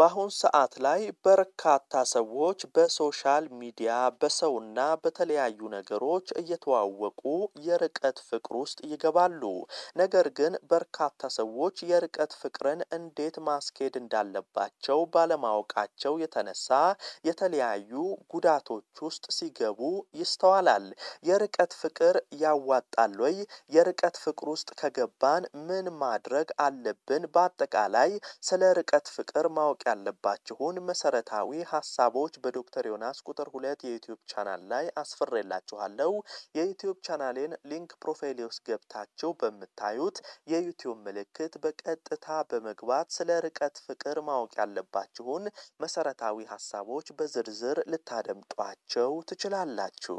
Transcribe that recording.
በአሁን ሰዓት ላይ በርካታ ሰዎች በሶሻል ሚዲያ በሰውና በተለያዩ ነገሮች እየተዋወቁ የርቀት ፍቅር ውስጥ ይገባሉ። ነገር ግን በርካታ ሰዎች የርቀት ፍቅርን እንዴት ማስኬድ እንዳለባቸው ባለማወቃቸው የተነሳ የተለያዩ ጉዳቶች ውስጥ ሲገቡ ይስተዋላል። የርቀት ፍቅር ያዋጣል ወይ? የርቀት ፍቅር ውስጥ ከገባን ምን ማድረግ አለብን? በአጠቃላይ ስለ ርቀት ፍቅር ማወቅ ያለባችሁን መሰረታዊ ሀሳቦች በዶክተር ዮናስ ቁጥር ሁለት የዩትዩብ ቻናል ላይ አስፈሬላችኋለሁ። የዩትዩብ ቻናሌን ሊንክ ፕሮፋይሊውስ ውስጥ ገብታችሁ በምታዩት የዩቲዩብ ምልክት በቀጥታ በመግባት ስለ ርቀት ፍቅር ማወቅ ያለባችሁን መሰረታዊ ሀሳቦች በዝርዝር ልታደምጧቸው ትችላላችሁ።